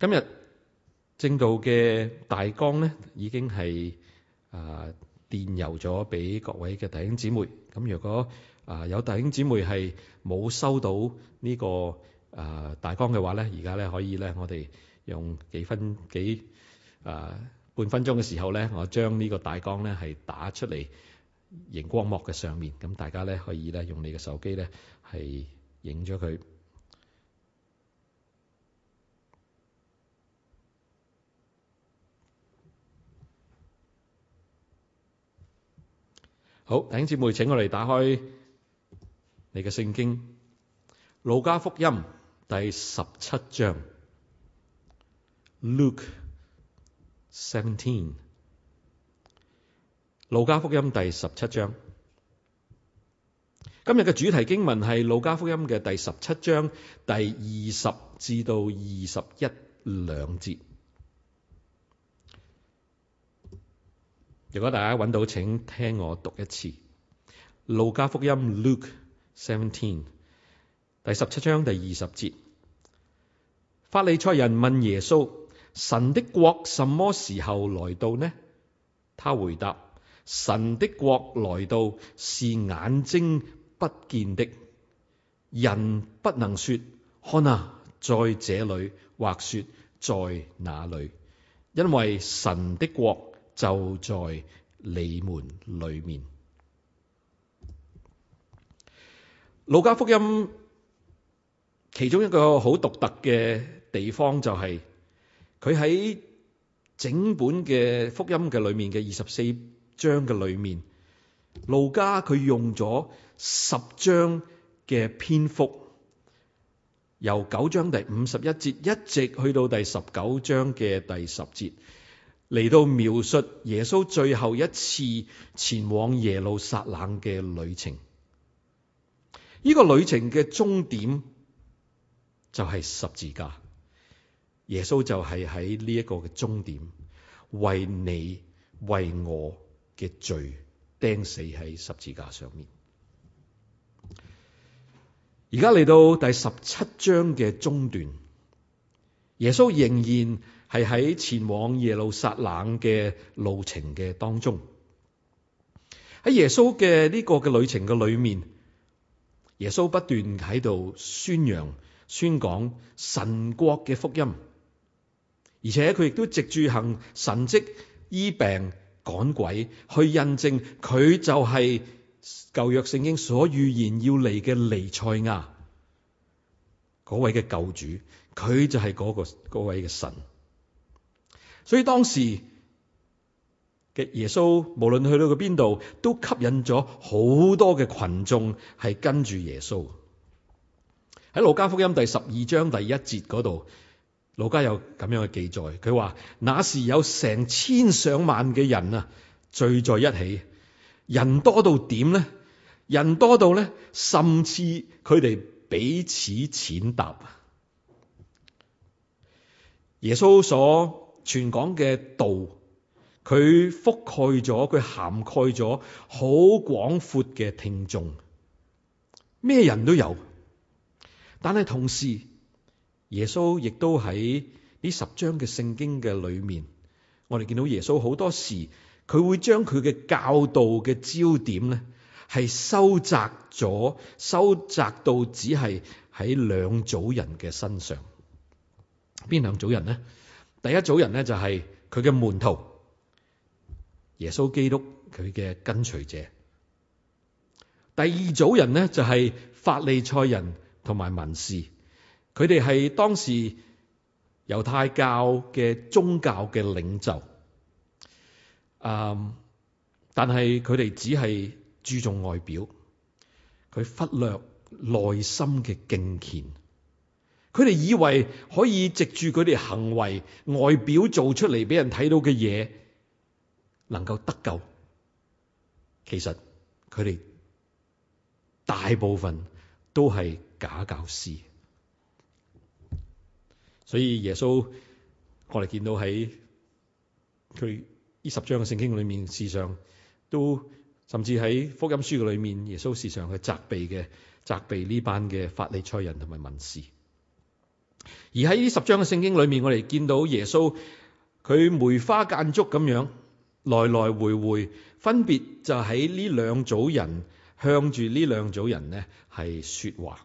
今日正道嘅大綱咧，已經係啊、呃、電郵咗俾各位嘅弟兄姊妹。咁如果啊、呃、有弟兄姊妹係冇收到呢、呢個啊、呃、大綱嘅話咧，而家咧可以咧，我哋用幾分幾啊、呃、半分鐘嘅時候咧，我將呢個大綱咧係打出嚟螢光幕嘅上面，咁大家咧可以咧用你嘅手機咧係影咗佢。好，弟兄姊妹，請我哋打開你嘅聖經《路加福音》第十七章。Luke Seventeen，《路加福音》第十七章。今日嘅主題經文係《路加福音》嘅第十七章第二十至到二十一兩節。如果大家揾到，請聽我讀一次《路加福音》Luke Seventeen 第十七章第二十節。法利賽人問耶穌：神的國什麼時候來到呢？他回答：神的國來到是眼睛不見的，人不能說看啊在這裏，或說在哪裏，因為神的國，就在你們裡面。路加福音其中一個好獨特嘅地方就係、是，佢喺整本嘅福音嘅裡面嘅二十四章嘅裡面，路加佢用咗十章嘅篇幅，由九章第五十一節一直去到第十九章嘅第十節。嚟到描述耶穌最後一次前往耶路撒冷嘅旅程，呢、這個旅程嘅終點就係十字架，耶穌就係喺呢一個嘅終點，為你為我嘅罪釘死喺十字架上面。而家嚟到第十七章嘅中段，耶穌仍然。係喺前往耶路撒冷嘅路程嘅當中，喺耶穌嘅呢個嘅旅程嘅裏面，耶穌不斷喺度宣揚、宣講神國嘅福音，而且佢亦都藉住，行神跡醫病趕鬼，去印證佢就係舊約聖經所預言要嚟，嘅彌賽亞嗰位嘅救主佢係、嗰個，佢就係個嗰位嘅神。所以當時嘅耶穌無論去到佢邊度，都吸引咗好多嘅群眾係跟住耶穌。喺《路加福音》第十二章第一節嗰度，路加有咁樣嘅記載，佢話那時有成千上萬嘅人啊，聚在一起，人多到點呢？人多到呢，甚至佢哋彼此踐踏。耶穌所全港嘅道，佢覆蓋咗，佢涵蓋咗好廣闊嘅聽眾，咩人都有。但係同時，耶穌亦都喺呢十章嘅聖經嘅裏面，我哋見到耶穌好多時，佢會將佢嘅教導嘅焦點咧，係收窄咗，收窄到只係喺兩組人嘅身上。邊兩組人呢？第一組人呢就係佢嘅門徒，耶穌基督佢嘅跟隨者。第二組人呢就係法利賽人同埋文士，佢哋係當時猶太教嘅宗教嘅領袖。嗯，但係佢哋只係注重外表，佢忽略內心嘅敬虔。佢哋以為可以藉住佢哋行為外表做出嚟俾人睇到嘅嘢，能夠得救。其實佢哋大部分都係假教師，所以耶穌我哋見到喺佢呢十章嘅聖經裏面，事實上都甚至喺福音書嘅裏面，耶穌事實上係責備嘅責備呢班嘅法利賽人同埋文士。而喺呢十章嘅聖經裏面，我哋見到耶穌佢梅花間竹咁樣來來回回，分別就喺呢兩組人向住呢兩組人呢係說話。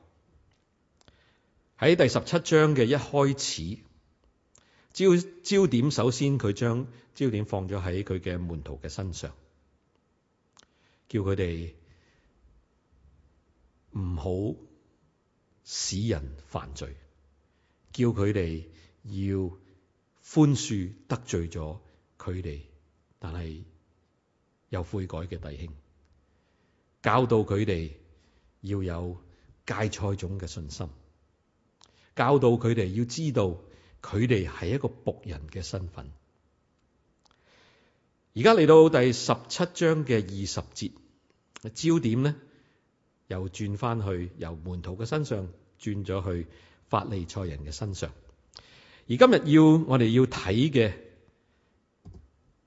喺第十七章嘅一開始，焦焦點首先佢將焦點放咗喺佢嘅門徒嘅身上，叫佢哋唔好使人犯罪。叫佢哋要寬恕得罪咗佢哋，但係有悔改嘅弟兄，教導佢哋要有芥菜種嘅信心，教導佢哋要知道佢哋係一個僕人嘅身份。而家嚟到第十七章嘅二十節，焦點呢又轉翻去由門徒嘅身上轉咗去。法利賽人嘅身上，而今日要我哋要睇嘅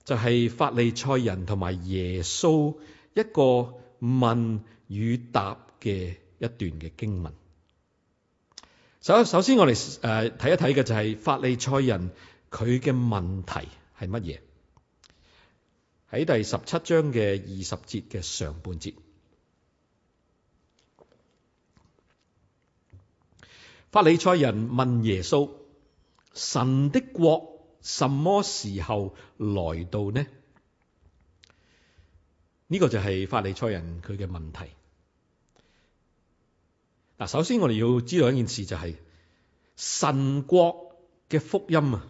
就係法利賽人同埋耶穌一個問與答嘅一段嘅經文。首首先我哋誒睇一睇嘅就係法利賽人佢嘅問題係乜嘢？喺第十七章嘅二十節嘅上半節。法利賽人問耶穌：神的國什麼時候來到呢？呢、這個就係法利賽人佢嘅問題。嗱，首先我哋要知道一件事就係、是、神國嘅福音啊，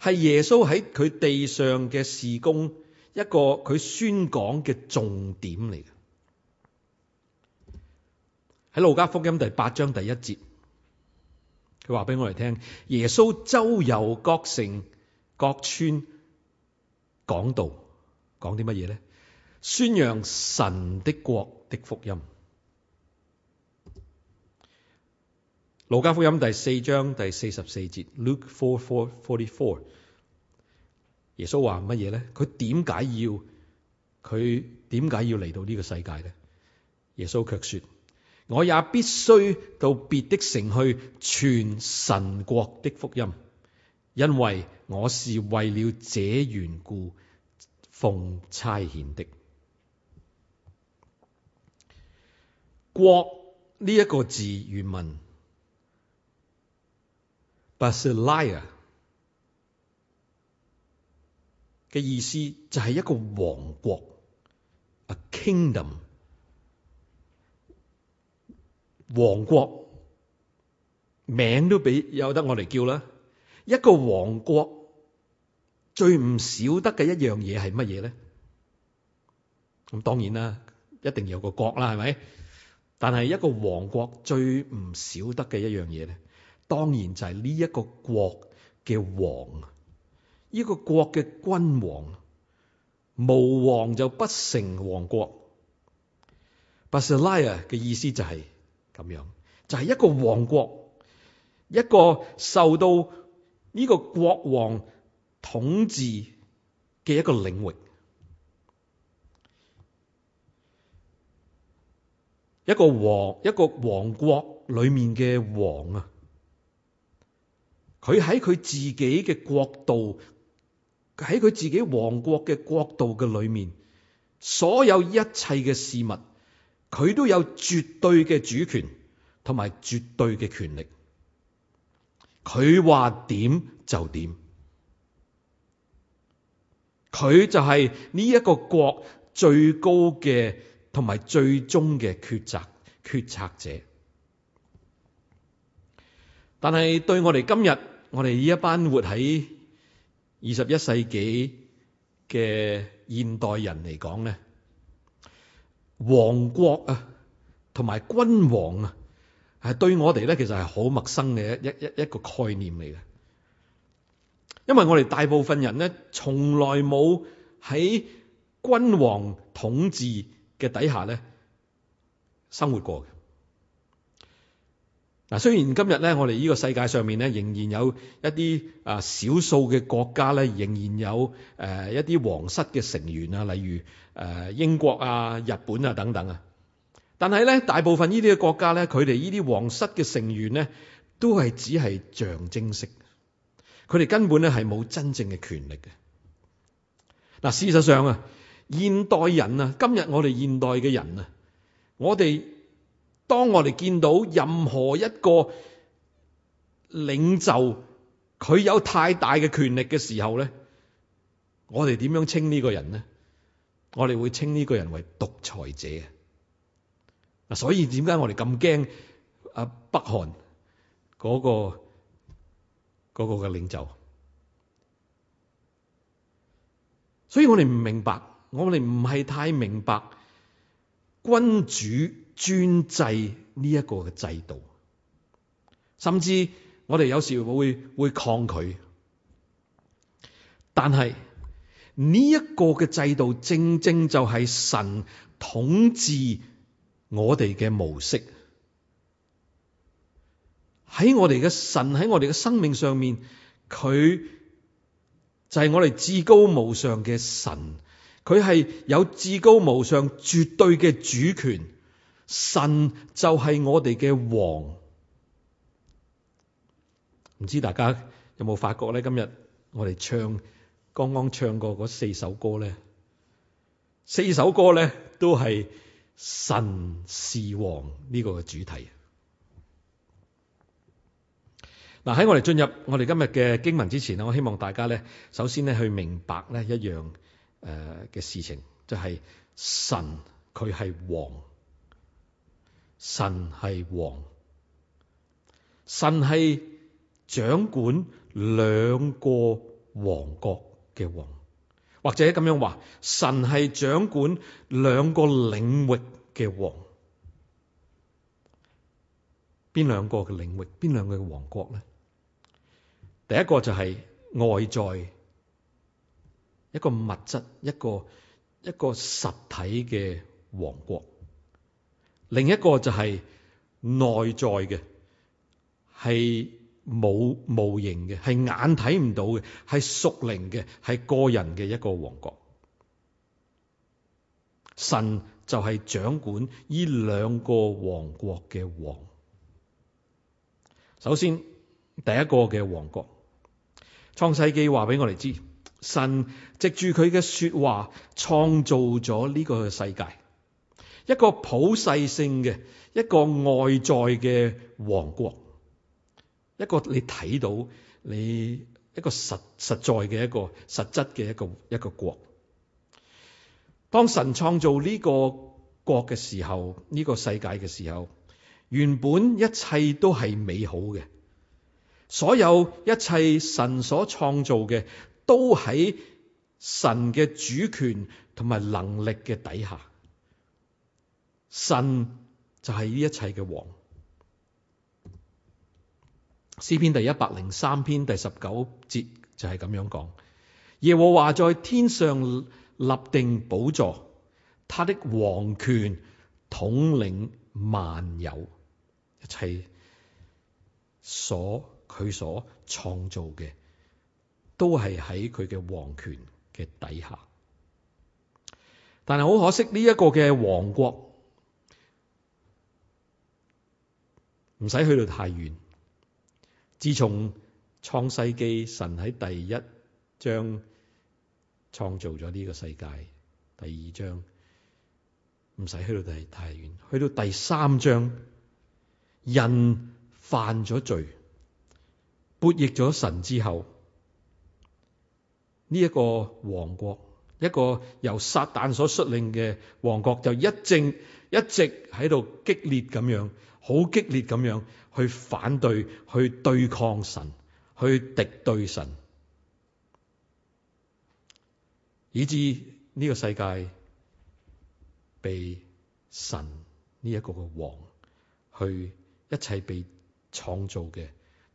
係耶穌喺佢地上嘅事工，一個佢宣講嘅重點嚟嘅。喺路加福音第八章第一節。佢話俾我哋聽，耶穌周遊各城各村講道，講啲乜嘢咧？宣揚神的國的福音。路加福音第四章第四十四節，Luke four four forty four。耶穌話乜嘢咧？佢點解要佢點解要嚟到呢個世界咧？耶穌卻說。我也必須到別的城去傳神國的福音，因為我是為了這緣故奉差遣的。國呢一個字原文，巴色利亞嘅意思就係一個王國，a kingdom。王國名都俾有得我嚟叫啦。一個王國最唔少得嘅一樣嘢係乜嘢咧？咁當然啦，一定要有個國啦，係咪？但係一個王國最唔少得嘅一樣嘢咧，當然就係呢一個國嘅王，呢、這個國嘅君王。無王就不成王國。Basileia 嘅意思就係、是。咁樣就係、是、一個王國，一個受到呢個國王統治嘅一個領域，一個王，一個王國裏面嘅王啊，佢喺佢自己嘅國度，喺佢自己王國嘅國度嘅裏面，所有一切嘅事物。佢都有絕對嘅主權同埋絕對嘅權力，佢話點就點，佢就係呢一個國最高嘅同埋最終嘅決策決策者。但係對我哋今日我哋呢一班活喺二十一世紀嘅現代人嚟講咧。王國啊，同埋君王啊，係對我哋咧，其實係好陌生嘅一一一一個概念嚟嘅，因為我哋大部分人咧，從來冇喺君王統治嘅底下咧生活過嘅。嗱，雖然今日咧，我哋呢個世界上面咧，仍然有一啲啊少數嘅國家咧，仍然有誒一啲皇室嘅成員啊，例如誒英國啊、日本啊等等啊。但係咧，大部分呢啲嘅國家咧，佢哋呢啲皇室嘅成員咧，都係只係象徵式，佢哋根本咧係冇真正嘅權力嘅。嗱，事實上啊，現代人啊，今日我哋現代嘅人啊，我哋。當我哋見到任何一個領袖，佢有太大嘅權力嘅時候咧，我哋點樣稱呢個人呢？我哋會稱呢個人為獨裁者啊！所以點解我哋咁驚啊北韓嗰個嗰個嘅領袖？所以我哋唔明白，我哋唔係太明白君主，專制呢一個嘅制度，甚至我哋有時會會抗拒，但係，呢一個嘅制度正正就係神統治我哋嘅模式。喺我哋嘅神，喺我哋嘅生命上面，佢就係我哋至高無上嘅神，佢係有至高無上絕對嘅主權。神就係我哋嘅王，唔知大家有冇發覺呢？今日我哋唱剛剛唱過嗰四首歌，呢四首歌呢，都係神是王呢個嘅主題。嗱，喺我哋進入我哋今日嘅經文之前，我希望大家呢，首先呢去明白一樣誒嘅事情，就係神佢係王。神係王，神係掌管兩個王國嘅王，或者咁樣話，神係掌管兩個領域嘅王。邊兩個嘅領域？邊兩個嘅王國呢？第一個就係外在，一個物質、一個一個實體嘅王國。.另一個就係內在嘅，係冇無，無形嘅，係眼睇唔到嘅，係屬靈嘅，係個人嘅一個王國。神就係掌管呢兩個王國嘅王。首先第一個嘅王國，創世記話俾我哋知，神藉住佢嘅說話創造咗呢個世界。一個普世性嘅一個外在嘅王國，一個你睇到你一個實實在嘅一個實質嘅一個一個國。當神創造呢個國嘅時候，呢個世界嘅時候，原本一切都係美好嘅，所有一切神所創造嘅都喺神嘅主權同埋能力嘅底下。神就係呢一切嘅王。詩篇第一百零三篇第十九節就係咁樣講：耶和華在天上立定寶座，他的王權統領萬有，一切所佢所創造嘅都係喺佢嘅王權嘅底下。但係好可惜，呢一個嘅王國。唔使去到太遠。自從創世記，神喺第一章創造咗呢個世界，第二章唔使去到第太遠，去到第三章，人犯咗罪，悖逆咗神之後，呢、這、一個王國，一個由撒旦所率領嘅王國，就一正。一直喺度激烈咁樣，好激烈咁樣去反對、去對抗神、去敵對神，以至呢個世界被神呢一個嘅王，去一切被創造嘅，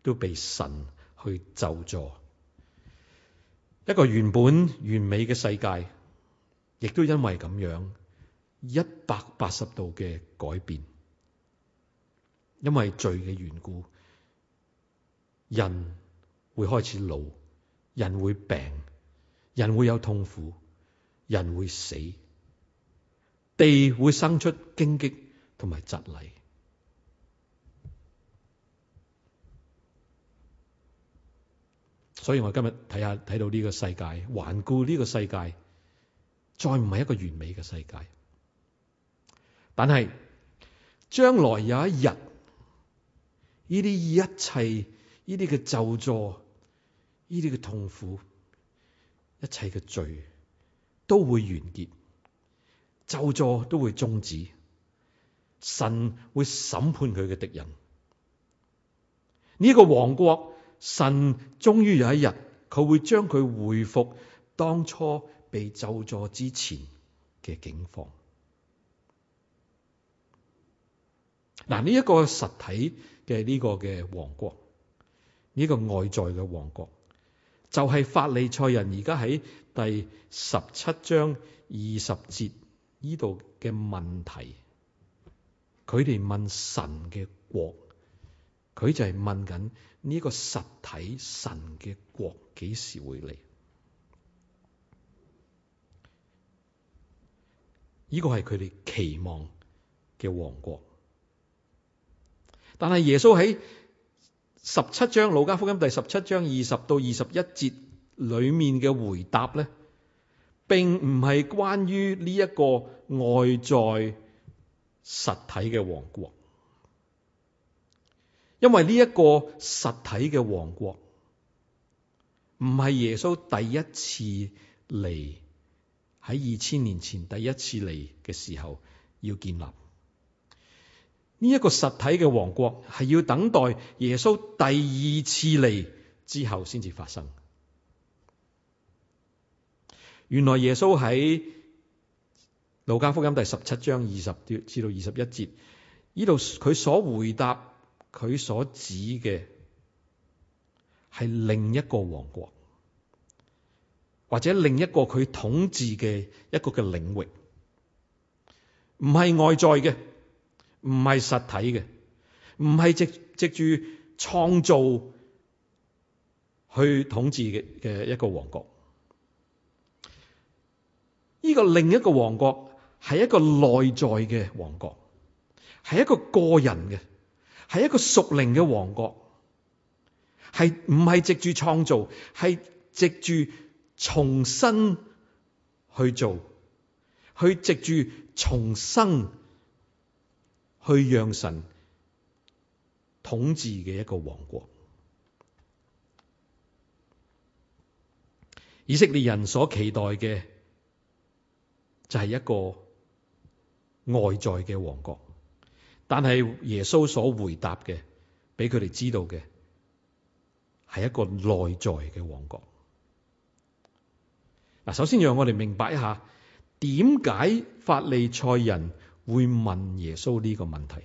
都被神去救助。一個原本完美嘅世界，亦都因為咁樣。一百八十度嘅改變，因為罪嘅緣故，人會開始老，人會病，人會有痛苦，人會死，地會生出荊棘同埋蒺藜。所以我今日睇下睇到呢個世界，環顧呢個世界，再唔係一個完美嘅世界。但係將來有一日，呢啲一切呢啲嘅咒詛、呢啲嘅痛苦，一切嘅罪都會完結，咒詛都會終止。神會審判佢嘅敵人。呢、這個王國，神終於有一日，佢會將佢回復當初被咒詛之前嘅境況。嗱，呢一個實體嘅呢個嘅王國，呢個外在嘅王國，就係法利賽人而家喺第十七章二十節呢度嘅問題，佢哋問神嘅國，佢就係問緊呢個實體神嘅國幾時會嚟？呢個係佢哋期望嘅王國。但係耶穌喺十七章《路加福音》第十七章二十到二十一節裏面嘅回答呢，並唔係關於呢一個外在實體嘅王國，因為呢一個實體嘅王國唔係耶穌第一次嚟，喺二千年前第一次嚟嘅時候要建立。呢、這、一個實體嘅王國係要等待耶穌第二次嚟之後先至發生。原來耶穌喺路加福音第十七章二十節至到二十一節呢度，佢所回答、佢所指嘅係另一個王國，或者另一個佢統治嘅一個嘅領域，唔係外在嘅。唔係實體嘅，唔係藉藉住創造去統治嘅嘅一個王國。呢、這個另一個王國係一個內在嘅王國，係一個個人嘅，係一個屬靈嘅王國，係唔係藉住創造，係藉住重生去做，去藉住重生。去讓神統治嘅一個王國，以色列人所期待嘅就係一個外在嘅王國，但係耶穌所回答嘅，俾佢哋知道嘅係一個內在嘅王國。嗱，首先讓我哋明白一下，點解法利賽人會問耶穌呢個問題，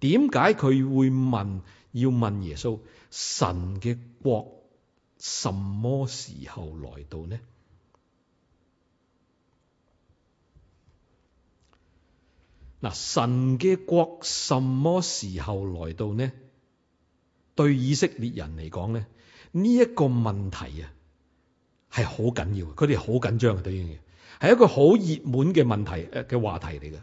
點解佢會問，要問耶穌神嘅國什麼時候來到呢？嗱，神嘅國什麼時候來到呢？對以色列人嚟講咧，呢一個問題啊係好緊要的，佢哋好緊張嘅呢樣嘢。係一個好熱門嘅問題誒，嘅話題嚟嘅，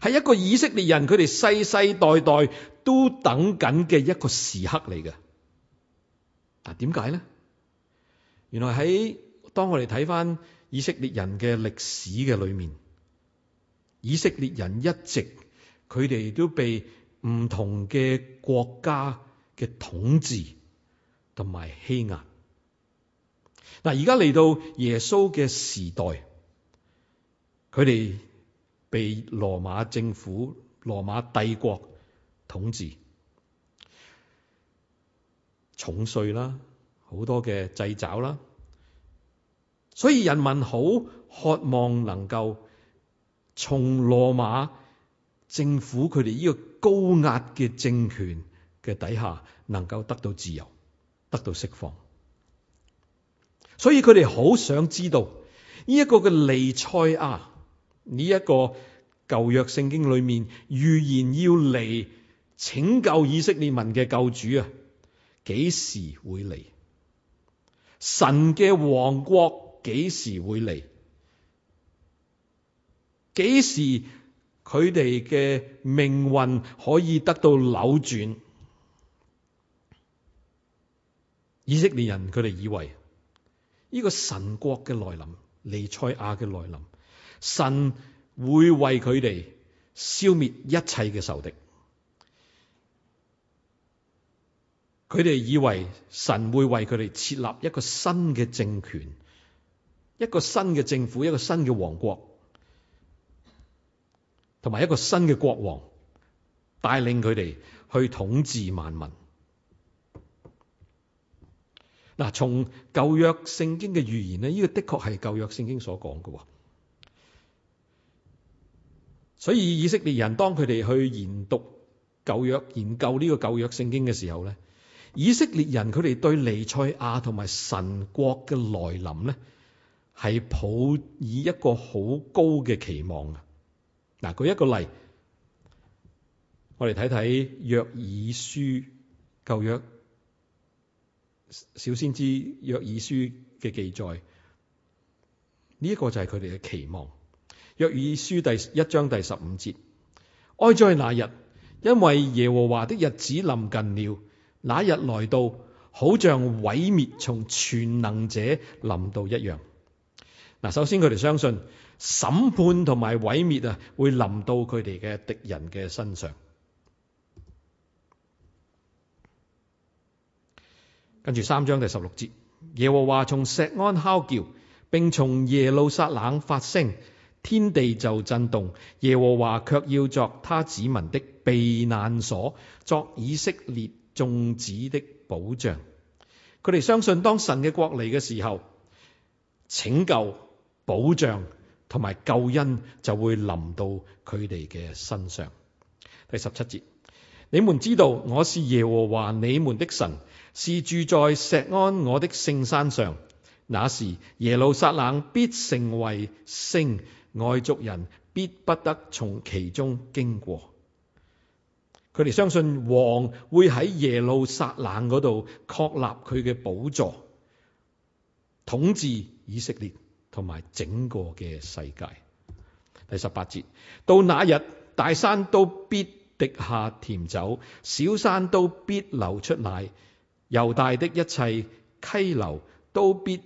係一個以色列人佢哋世世代代都等緊嘅一個時刻嚟嘅。嗱，點解咧？原來喺當我哋睇翻以色列人嘅歷史嘅裏面，以色列人一直佢哋都被唔同嘅國家嘅統治同埋欺壓。嗱，而家嚟到耶穌嘅時代，佢哋被羅馬政府、羅馬帝國統治，重稅啦，好多嘅掣肘啦，所以人民好渴望能夠從羅馬政府佢哋呢個高壓嘅政權嘅底下，能夠得到自由，得到釋放。所以佢哋好想知道呢一個嘅彌賽亞，呢一個舊約聖經裏面預言要嚟拯救以色列民嘅救主啊，幾時會嚟？神嘅王國幾時會嚟？幾時佢哋嘅命運可以得到扭轉？以色列人佢哋以為，呢、這個神國嘅來臨，彌賽亞嘅來臨，神會為佢哋消滅一切嘅仇敵。佢哋以為神會為佢哋設立一個新嘅政權，一個新嘅政府，一個新嘅王國，同埋一個新嘅國王，帶領佢哋去統治萬民。嗱，從舊約聖經嘅預言呢，呢個的確係舊約聖經所講嘅。所以以色列人當佢哋去研讀舊約、研究呢個舊約聖經嘅時候咧，以色列人佢哋對彌賽亞同埋神國嘅來臨咧，係抱以一個好高嘅期望嘅。嗱，舉一個例，我哋睇睇約珥書舊約。小先知約珥書嘅記載，呢、這、一個就係佢哋嘅期望。約珥書第一章第十五節：哀哉那日，因為耶和華的日子臨近了，那日來到，好像毀滅從全能者臨到一樣。嗱，首先佢哋相信審判同埋毀滅啊，會臨到佢哋嘅敵人嘅身上。跟住三章第十六節，耶和華從錫安吼叫，並從耶路撒冷發聲，天地就震動。耶和華卻要作他子民的避難所，作以色列眾子的保障。佢哋相信當神嘅國嚟嘅時候，拯救、保障同埋救恩就會臨到佢哋嘅身上。第十七節，你們知道我是耶和華你們的神。是住在錫安我的聖山上，那時耶路撒冷必成為聖，外族人必不得從其中經過。佢哋相信王會喺耶路撒冷嗰度確立佢嘅寶座，統治以色列同埋整個嘅世界。第十八節，到那日，大山都必滴下甜酒，小山都必流出奶。猶大的一切溪流都必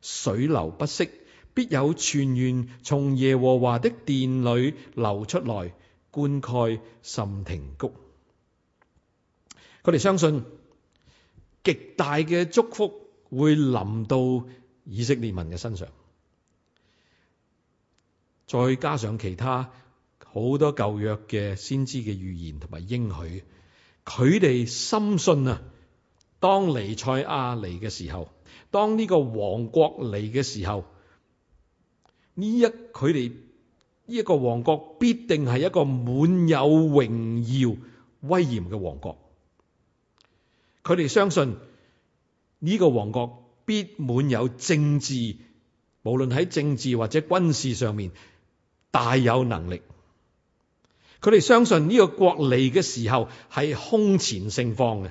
水流不息，必有泉源從耶和華的殿裏流出來，灌溉甚亭谷。佢哋相信極大嘅祝福會臨到以色列民嘅身上，再加上其他好多舊約嘅先知嘅預言同埋應許，佢哋深信啊。當彌賽亞嚟嘅時候，當呢個王國嚟嘅時候，呢一佢哋呢一個王國必定係一個滿有榮耀威嚴嘅王國。佢哋相信呢個王國必滿有政治，無論喺政治或者軍事上面大有能力，佢哋相信呢個國嚟嘅時候係空前盛況嘅。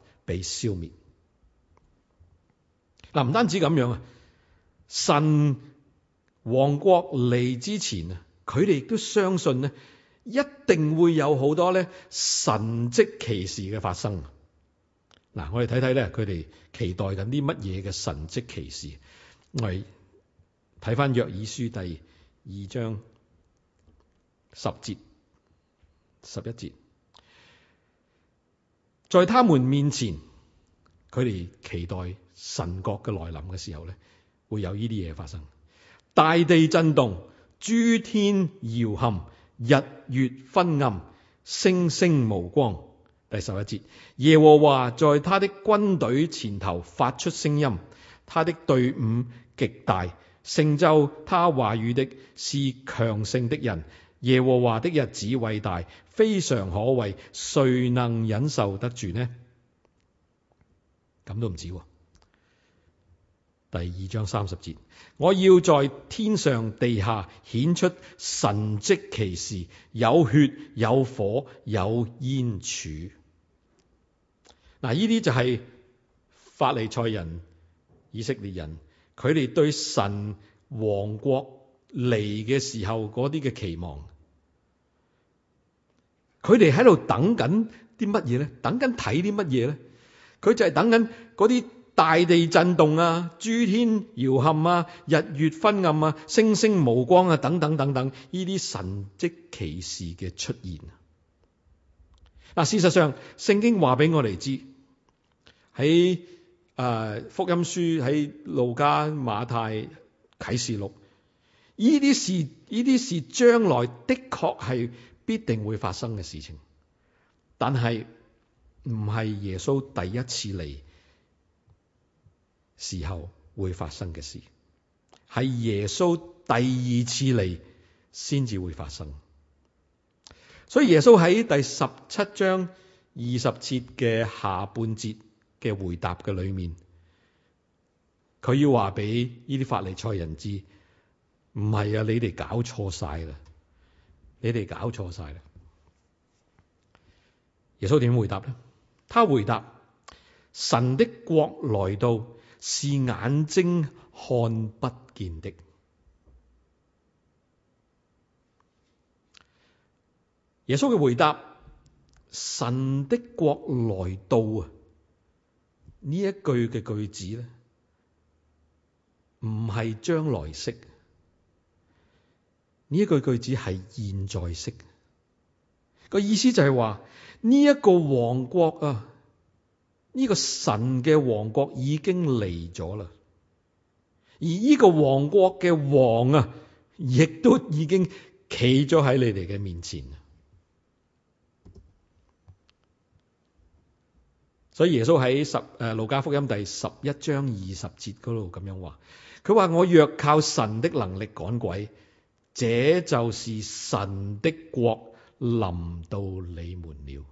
被消滅嗱，唔、啊、單止咁樣啊，神王國嚟之前啊，佢哋亦都相信呢，一定會有好多咧神蹟奇事嘅發生。嗱、啊，我哋睇睇咧，佢哋期待緊啲乜嘢嘅神蹟奇事？我哋睇翻約珥書第二章十節十一節。在他們面前，佢哋期待神國嘅來臨嘅時候呢，會有呢啲嘢發生。大地震動，諸天搖撼，日月昏暗，星星無光。第十一節，耶和華在他的軍隊前頭發出聲音，他的隊伍極大，成就他話語的是強盛的人。耶和華的日子偉大，非常可畏，誰能忍受得住呢？咁都唔止。第二章三十節，我要在天上地下顯出神蹟奇事，有血有火有煙柱。嗱，呢啲就係法利賽人、以色列人，佢哋對神王國嚟嘅時候嗰啲嘅期望。佢哋喺度等緊啲乜嘢咧？等緊睇啲乜嘢咧？佢就係等緊嗰啲大地震動啊、諸天搖撼啊、日月昏暗啊、星星無光啊，等等等等，呢啲神蹟奇事嘅出現啊！嗱，事實上，聖經話俾我哋知，喺誒福音書喺路加、馬太、啟示錄，呢啲事呢啲事將來的確係。必定會發生嘅事情，但係唔係耶穌第一次嚟時候會發生嘅事，係耶穌第二次嚟先至會發生。所以耶穌喺第十七章二十節嘅下半節嘅回答嘅裏面，佢要話俾呢啲法利賽人知，唔係啊，你哋搞錯晒啦。你哋搞錯晒啦！耶穌點回答呢？他回答：神的國來到是眼睛看不見的。耶穌嘅回答：神的國來到啊！呢一句嘅句子呢，唔係將來式。呢一句句子係現在式，個意思就係話呢一個王國啊，呢個神嘅王國已經嚟咗啦，而呢個王國嘅王啊，亦都已經企咗喺你哋嘅面前。所以耶穌喺十誒路加福音第十一章二十節嗰度咁樣話，佢話：我若靠神的能力趕鬼。這就是神的國臨到你們了，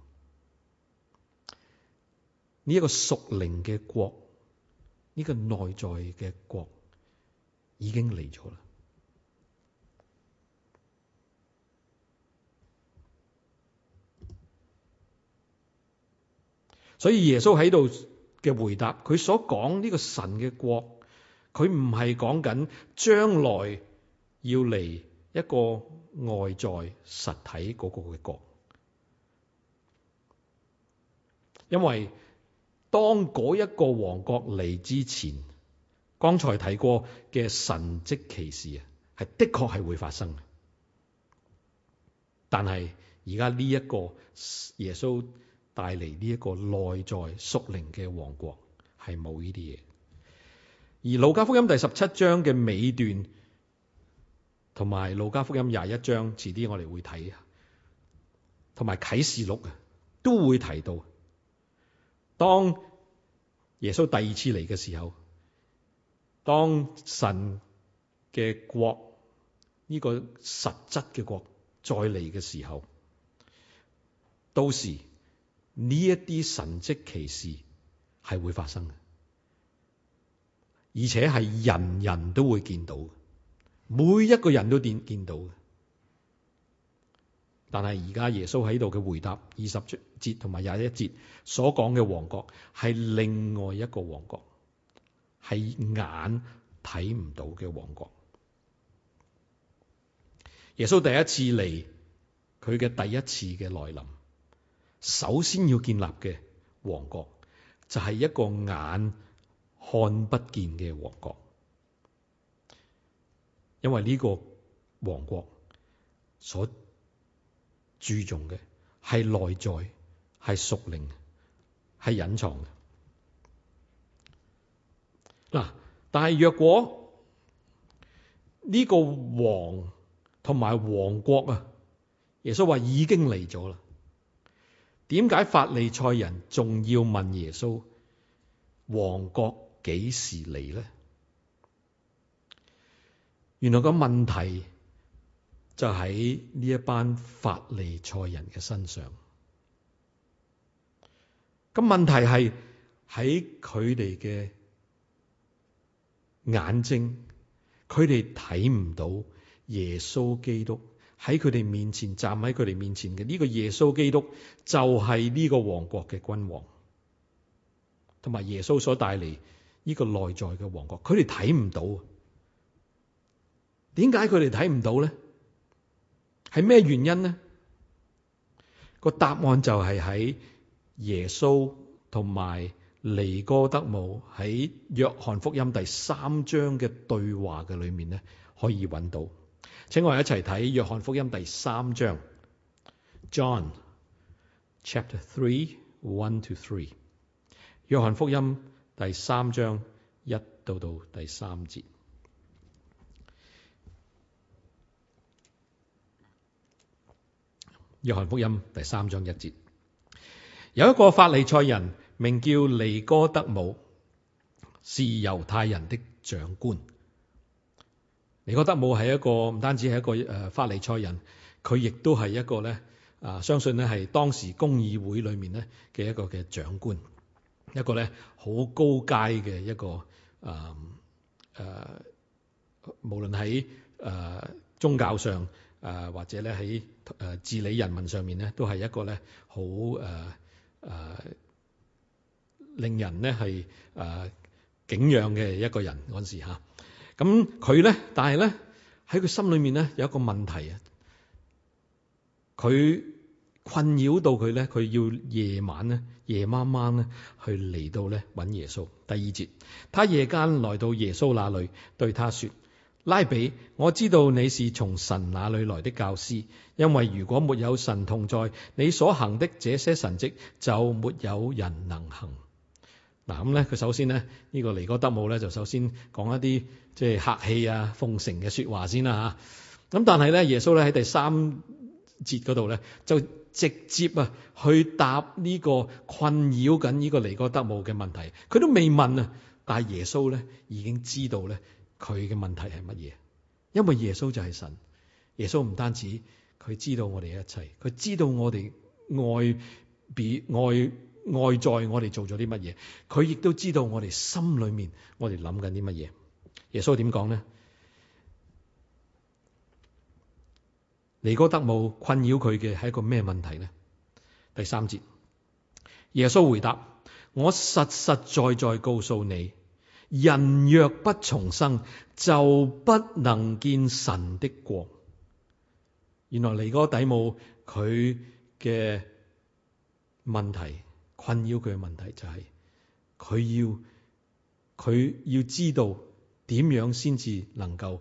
呢一個屬靈嘅國，呢個內在嘅國已經嚟咗啦。所以耶穌喺度嘅回答，佢所講呢個神嘅國，佢唔係講緊將來要嚟。一個外在實體嗰個嘅國，因為當嗰一個王國嚟之前，剛才睇過嘅神蹟奇事啊，係的確係會發生嘅。但係而家呢一個耶穌帶嚟呢一個內在屬靈嘅王國係冇呢啲嘢，而路加福音第十七章嘅尾段。同埋路加福音廿一章，遲啲我哋會睇。同埋啟示錄啊，都會提到，當耶穌第二次嚟嘅時候，當神嘅國呢個實質嘅國再嚟嘅時候，到時呢一啲神蹟奇事係會發生嘅，而且係人人都會見到。每一個人都睇見到嘅，但係而家耶穌喺度嘅回答，二十節同埋廿一節所講嘅王國係另外一個王國，係眼睇唔到嘅王國。耶穌第一次嚟，佢嘅第一次嘅來臨，首先要建立嘅王國就係、是、一個眼看不見嘅王國。因為呢個王國所注重嘅係內在，係屬靈，係隱藏嘅。嗱，但係若果呢個王同埋王國啊，耶穌話已經嚟咗啦。點解法利賽人仲要問耶穌：「王國幾時嚟呢？」原來個問題就喺呢一班法利賽人嘅身上。咁問題係喺佢哋嘅眼睛，佢哋睇唔到耶穌基督，喺佢哋面前，站喺佢哋面前嘅呢個耶穌基督，就係呢個王國嘅君王，同埋耶穌所帶嚟呢個內在嘅王國，佢哋睇唔到。點解佢哋睇唔到呢？係咩原因呢？個答案就係喺耶穌同埋尼哥德姆喺約翰福音第三章嘅對話嘅裏面咧，可以揾到。請我哋一齊睇約翰福音第三章。John, Chapter Three, One to Three。約翰福音第三章一到到第三節。約翰福音第三章一節，有一個法利賽人名叫尼哥德姆，是猶太人的長官。尼哥德姆係一個唔單止係一個誒法利賽人，佢亦都係一個咧啊，相信咧係當時公議會裏面咧嘅一個嘅長官，一個咧好高階嘅一個啊誒，無論喺誒宗教上。誒、呃、或者咧喺誒治理人民上面咧，都係一個咧好誒誒令人咧係誒景仰嘅一個人嗰陣時嚇。咁佢咧，但係咧喺佢心裏面咧有一個問題啊，佢困擾到佢咧，佢要夜晚咧，夜晚晚咧去嚟到咧揾耶穌。第二節，他夜間來到耶穌那裏，對他說。拉比，我知道你是從神那裡來的教師，因為如果沒有神同在，你所行的這些神蹟就沒有人能行。嗱咁咧，佢首先咧呢個尼哥德慕咧就首先講一啲即係客氣啊奉承嘅說話先啦、啊、吓。咁但係咧耶穌咧喺第三節嗰度咧就直接啊去答呢個困擾緊呢個尼哥德慕嘅問題。佢都未問啊，但係耶穌咧已經知道咧。佢嘅問題係乜嘢？因為耶穌就係神，耶穌唔單止佢知道我哋一切，佢知道我哋外便、外、外在我哋做咗啲乜嘢，佢亦都知道我哋心裏面我哋諗緊啲乜嘢。耶穌點講呢？尼哥底母困擾佢嘅係一個咩問題呢？第三節，耶穌回答：我實實在在告訴你。人若不重生，就不能見神的國。原來尼哥底母佢嘅問題，困擾佢嘅問題就係佢要佢要知道點樣先至能夠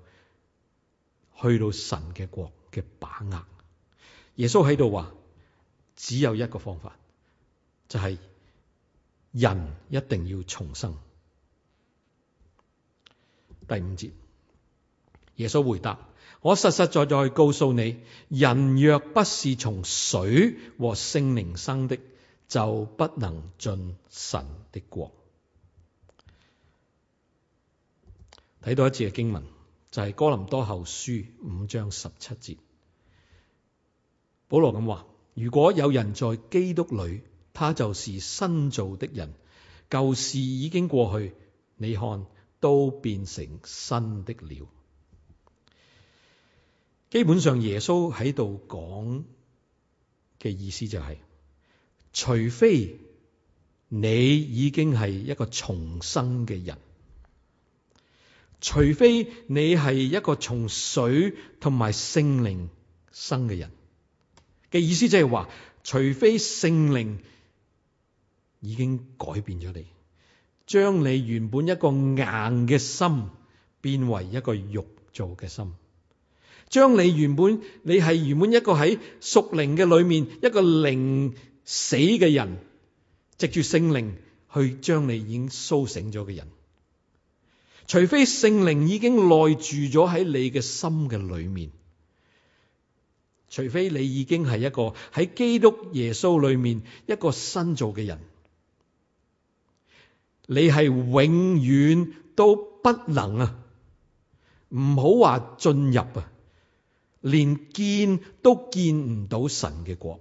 去到神嘅國嘅把握。耶穌喺度話，只有一個方法，就係人一定要重生。第五節，耶穌回答：我實實在在告訴你，人若不是從水和聖靈生的，就不能進神的國。睇多一次嘅經文就係、是、哥林多後書五章十七節，保羅咁話：如果有人在基督裏，他就是新造的人，舊事已經過去，你看。都變成新的了。基本上耶穌喺度講嘅意思就係，除非你已經係一個重生嘅人，除非你係一個從水同埋聖靈生嘅人嘅意思，就係話，除非聖靈已經改變咗你。將你原本一個硬嘅心，變為一個肉做嘅心。將你原本，你係原本一個喺屬靈嘅裏面，一個靈死嘅人，藉住聖靈去將你已經蘇醒咗嘅人。除非聖靈已經內住咗喺你嘅心嘅裏面。除非你已經係一個喺基督耶穌裏面，一個新造嘅人。你係永遠都不能啊，唔好話進入啊，連見都見唔到神嘅國。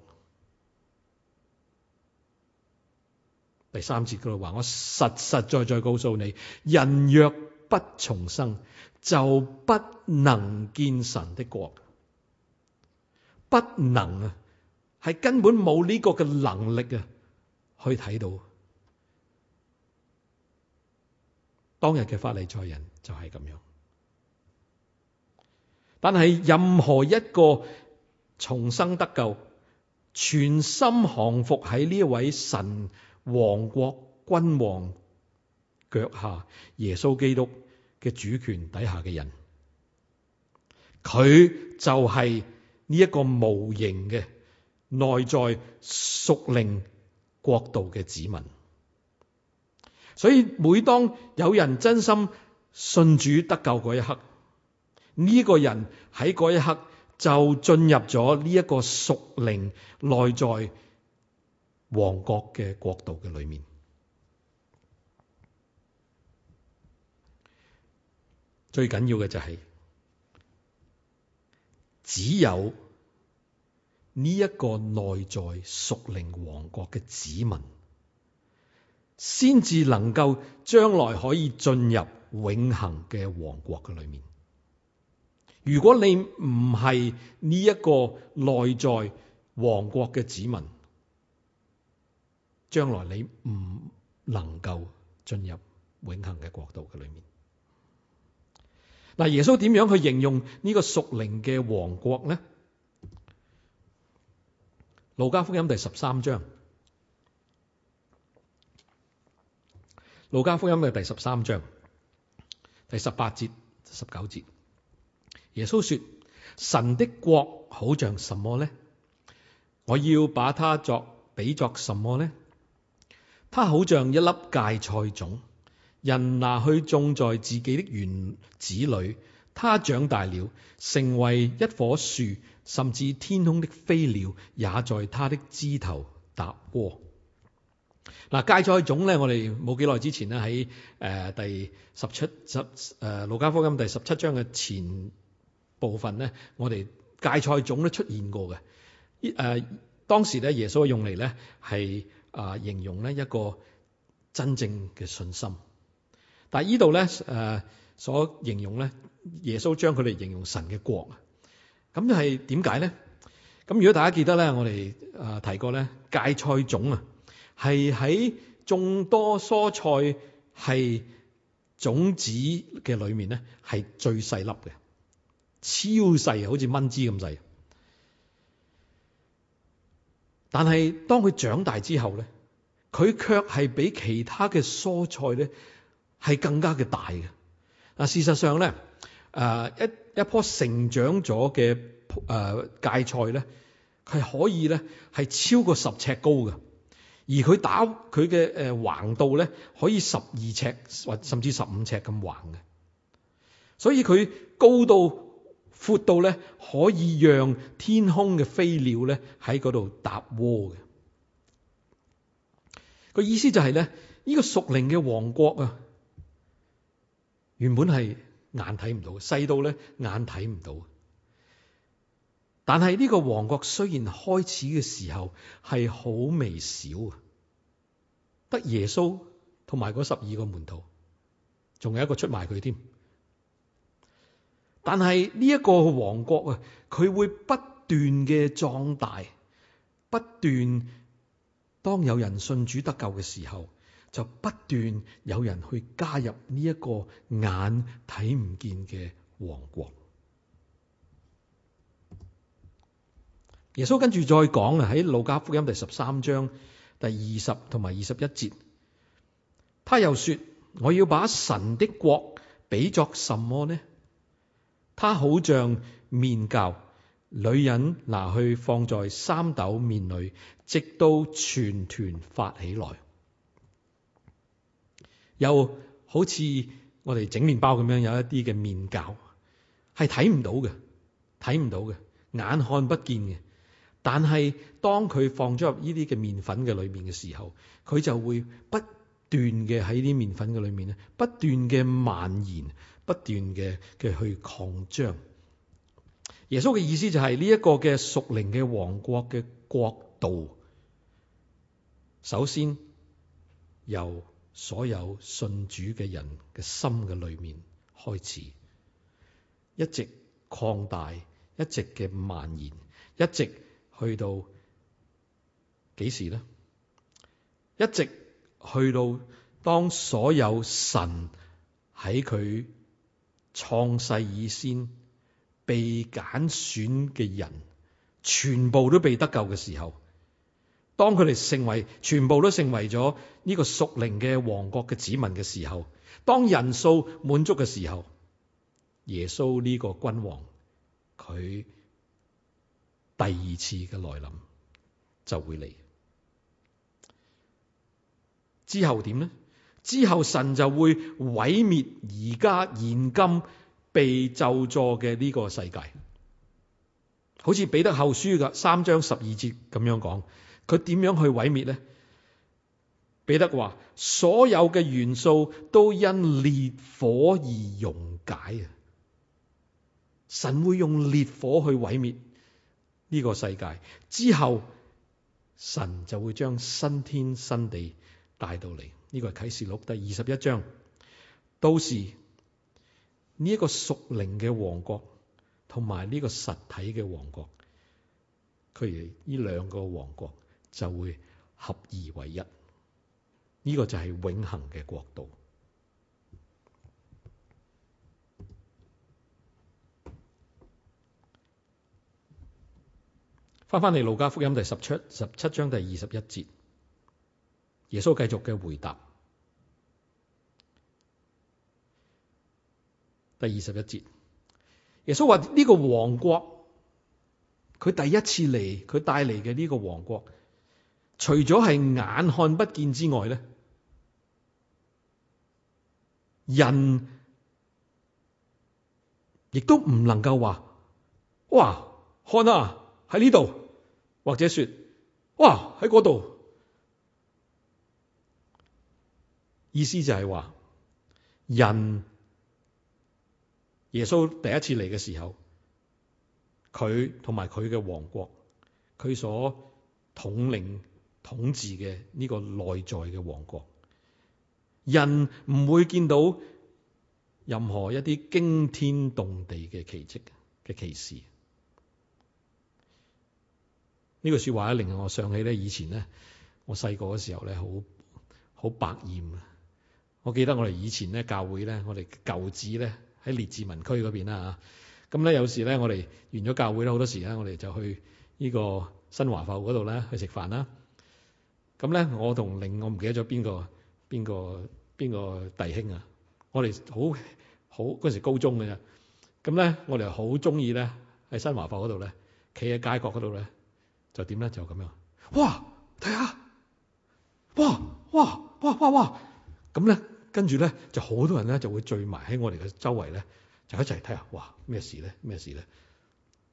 第三節佢話，我實實在在告訴你，人若不重生，就不能見神的國，不能啊，係根本冇呢個嘅能力啊，可以睇到。當日嘅法利賽人就係咁樣，但係任何一個重生得救、全心降服喺呢一位神王國君王腳下、耶穌基督嘅主權底下嘅人，佢就係呢一個無形嘅內在屬靈國度嘅子民。所以每當有人真心信主得救嗰一刻，呢個人喺嗰一刻就進入咗呢一個屬靈內在王國嘅國度嘅裏面。最緊要嘅就係，只有呢一個內在屬靈王國嘅子民。先至能夠將來可以進入永恒嘅王國嘅裏面。如果你唔係呢一個內在王國嘅子民，將來你唔能夠進入永恒嘅國度嘅裏面。嗱，耶穌點樣去形容呢個屬靈嘅王國呢？路加福音第十三章。路加福音嘅第十三章第十八節、十九節，耶穌說：神的國好像什麼呢？我要把它作比作什麼呢？它好像一粒芥菜種，人拿去種在自己的園子裏，它長大了，成為一棵樹，甚至天空的飛鳥也在它的枝頭搭窩嗱芥菜種咧，我哋冇幾耐之前咧喺誒第十七十誒、呃、路加福音第十七章嘅前部分咧，我哋芥菜種咧出現過嘅，依、呃、誒當時咧耶穌用嚟咧係啊形容咧一個真正嘅信心，但係依度咧誒所形容咧耶穌將佢哋形容神嘅國啊，咁係點解咧？咁如果大家記得咧，我哋誒提過咧芥菜種啊。係喺眾多蔬菜係種子嘅裏面咧，係最細粒嘅，超細，好似蚊枝咁細。但係當佢長大之後咧，佢卻係比其他嘅蔬菜咧係更加嘅大嘅。啊，事實上咧，誒一一棵成長咗嘅誒芥菜咧，係可以咧係超過十尺高嘅。而佢打佢嘅誒橫度咧，可以十二尺或甚至十五尺咁橫嘅，所以佢高度闊到咧，可以讓天空嘅飛鳥咧喺嗰度搭窩嘅。個意思就係、是、咧，呢、這個屬靈嘅王國啊，原本係眼睇唔到，細到咧眼睇唔到。但係呢個王國雖然開始嘅時候係好微小啊，得耶穌同埋嗰十二個門徒，仲有一個出賣佢添。但係呢一個王國啊，佢會不斷嘅壯大，不斷，當有人信主得救嘅時候，就不斷有人去加入呢一個眼睇唔見嘅王國。耶穌跟住再講喺路加福音第十三章第二十同埋二十一節，他又說：我要把神的國比作什麼呢？他好像麵酵，女人拿去放在三斗麵裏，直到全團發起來，又好似我哋整麵包咁樣，有一啲嘅麵酵，係睇唔到嘅，睇唔到嘅，眼看不見嘅。但係當佢放咗入呢啲嘅麵粉嘅裏面嘅時候，佢就會不斷嘅喺啲麵粉嘅裏面咧，不斷嘅蔓延，不斷嘅嘅去擴張。耶穌嘅意思就係呢一個嘅屬靈嘅王國嘅國度，首先由所有信主嘅人嘅心嘅裏面開始，一直擴大，一直嘅蔓延，一直。去到幾時呢？一直去到當所有神喺佢創世以先被揀選嘅人，全部都被得救嘅時候，當佢哋成為全部都成為咗呢個屬靈嘅王國嘅子民嘅時候，當人數滿足嘅時候，耶穌呢個君王，佢。第二次嘅來臨就會嚟，之後點呢？之後神就會毀滅而家現今被咒詛嘅呢個世界，好似彼得後書嘅三章十二節咁樣講，佢點樣去毀滅呢？彼得話：所有嘅元素都因烈火而溶解啊！神會用烈火去毀滅。呢個世界之後，神就會將新天新地帶到嚟。呢個係啟示錄第二十一章。到時呢一個屬靈嘅王國同埋呢個實體嘅王國，佢哋呢兩個王國就會合二為一。呢個就係永恆嘅國度。翻返嚟《路加福音》第十七十七章第二十一節，耶穌繼續嘅回答。第二十一節，耶穌話：呢個王國，佢第一次嚟，佢帶嚟嘅呢個王國，除咗係眼看不見之外咧，人亦都唔能夠話：哇，看啊，喺呢度。或者說，哇，喺嗰度，意思就係話，人耶穌第一次嚟嘅時候，佢同埋佢嘅王國，佢所統領統治嘅呢個內在嘅王國，人唔會見到任何一啲驚天動地嘅奇跡嘅奇事。呢個説話咧，令我想起咧，以前咧，我細個嗰時候咧，好好百厭啊！我記得我哋以前咧，教會咧，我哋舊址咧喺列治文區嗰邊啦嚇。咁咧有時咧，我哋完咗教會咧，好多時咧，我哋就去呢個新華埠嗰度咧去食飯啦。咁咧，我同令我唔記得咗邊個邊個邊個弟兄啊？我哋好好嗰時高中嘅啫。咁咧，我哋好中意咧喺新華埠嗰度咧，企喺街角嗰度咧。就點咧？就咁樣哇！睇下哇哇哇哇哇咁咧，跟住咧就好多人咧就會聚埋喺我哋嘅周圍咧，就一齊睇下哇咩事咧？咩事咧？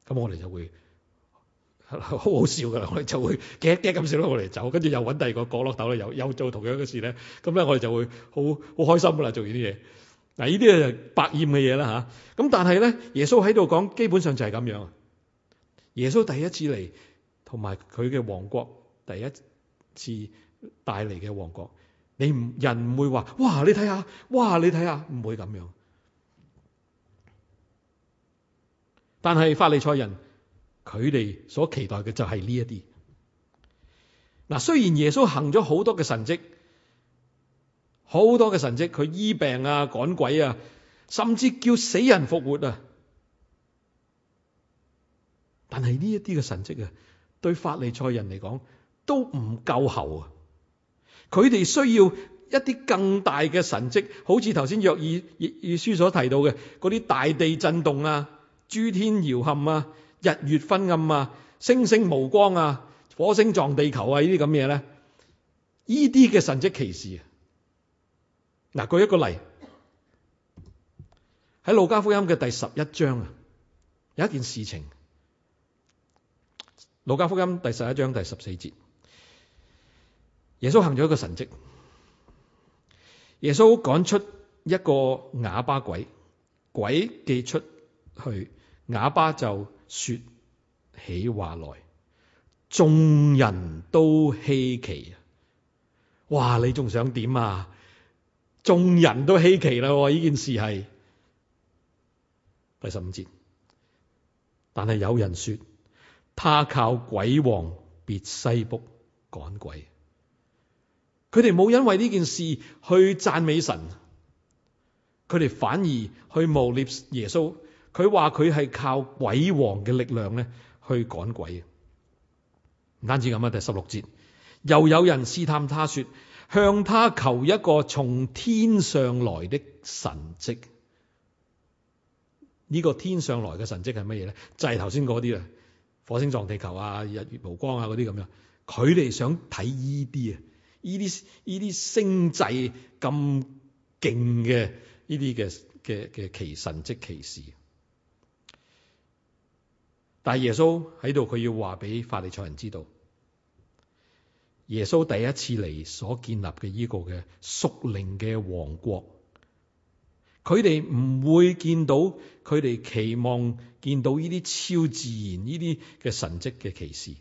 咁我哋就會好好笑噶啦，我哋就會趯趯咁笑啦，我哋走，跟住又搵第二個角落頭咧，又又做同樣嘅事咧。咁咧我哋就會好好開心噶啦，做、啊、呢啲嘢嗱，呢啲就百厭嘅嘢啦吓。咁但係咧，耶穌喺度講，基本上就係咁樣。耶穌第一次嚟。同埋佢嘅王國第一次帶嚟嘅王國，你唔人唔會話，哇！你睇下，哇！你睇下，唔會咁樣。但係法利賽人佢哋所期待嘅就係呢一啲。嗱，雖然耶穌行咗好多嘅神蹟，好多嘅神蹟，佢醫病啊、趕鬼啊，甚至叫死人復活啊。但係呢一啲嘅神蹟啊。對法利賽人嚟講都唔夠厚啊！佢哋需要一啲更大嘅神蹟，好似頭先約珥書所提到嘅嗰啲大地震動啊、諸天搖撼啊、日月昏暗啊、星星無光啊、火星撞地球啊呢啲咁嘢咧？呢啲嘅神蹟奇事啊！嗱，舉一個例喺《路加福音》嘅第十一章啊，有一件事情。路加福音第十一章第十四節，耶穌行咗一個神蹟，耶穌趕出一個啞巴鬼，鬼寄出去，啞巴就說起話來，眾人都稀奇啊，哇你仲想點啊？眾人都稀奇啦，呢件事係第十五節，但係有人說。他靠鬼王別西卜趕鬼，佢哋冇因為呢件事去讚美神，佢哋反而去誣蔑耶穌。佢話佢係靠鬼王嘅力量咧去趕鬼嘅，唔單止咁啊！第十六節又有人試探他說，向他求一個從天上來的神跡。呢個天上來嘅神跡係乜嘢咧？就係頭先嗰啲啊！火星撞地球啊，日月無光啊，嗰啲咁樣，佢哋想睇呢啲啊，呢啲呢啲星際咁勁嘅呢啲嘅嘅嘅奇神蹟奇事。但係耶穌喺度，佢要話俾法利賽人知道，耶穌第一次嚟所建立嘅呢個嘅屬靈嘅王國。佢哋唔會見到佢哋期望見到呢啲超自然呢啲嘅神蹟嘅奇事，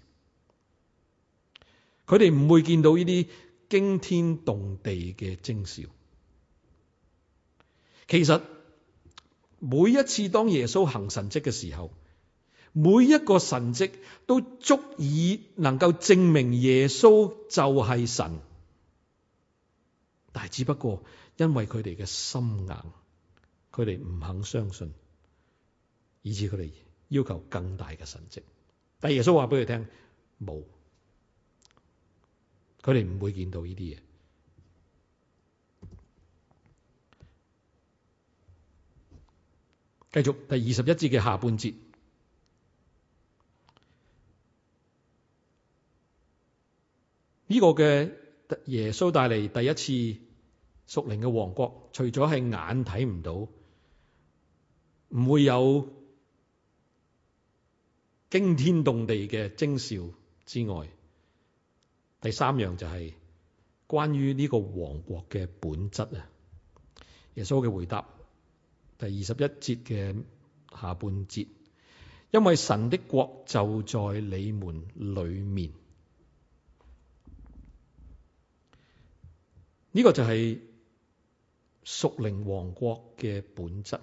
佢哋唔會見到呢啲驚天動地嘅徵兆。其實每一次當耶穌行神蹟嘅時候，每一個神蹟都足以能夠證明耶穌就係神，但係只不過因為佢哋嘅心硬。佢哋唔肯相信，以致佢哋要求更大嘅神蹟。但係耶穌話俾佢聽，冇。佢哋唔會見到呢啲嘢。繼續第二十一節嘅下半節，呢、這個嘅耶穌帶嚟第一次屬靈嘅王國，除咗係眼睇唔到，唔會有驚天動地嘅徵兆之外，第三樣就係關於呢個王國嘅本質啊。耶穌嘅回答，第二十一節嘅下半節，因為神的國就在你們裡面，呢個就係屬靈王國嘅本質。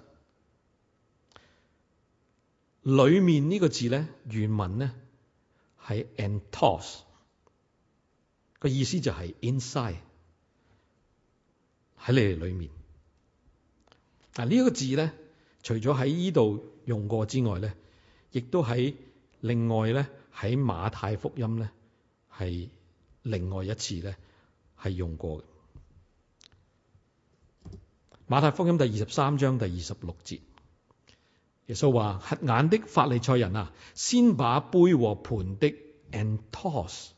裏面呢個字咧原文咧係 entos，個意思就係 inside 喺你哋裏面。嗱呢個字咧除咗喺呢度用過之外咧，亦都喺另外咧喺馬太福音咧係另外一次咧係用過嘅。馬太福音第二十三章第二十六節。耶穌話：瞎眼的法利賽人啊，先把杯和盤的 entos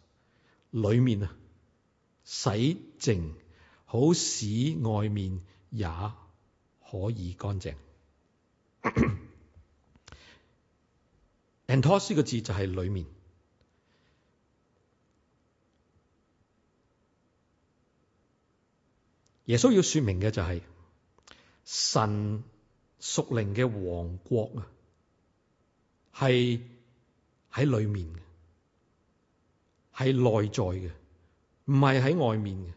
裏面啊洗淨，好使外面也可以乾淨。entos 個字就係裏面。耶穌要說明嘅就係、是、神。屬靈嘅王國啊，係喺裏面嘅，係內在嘅，唔係喺外面嘅，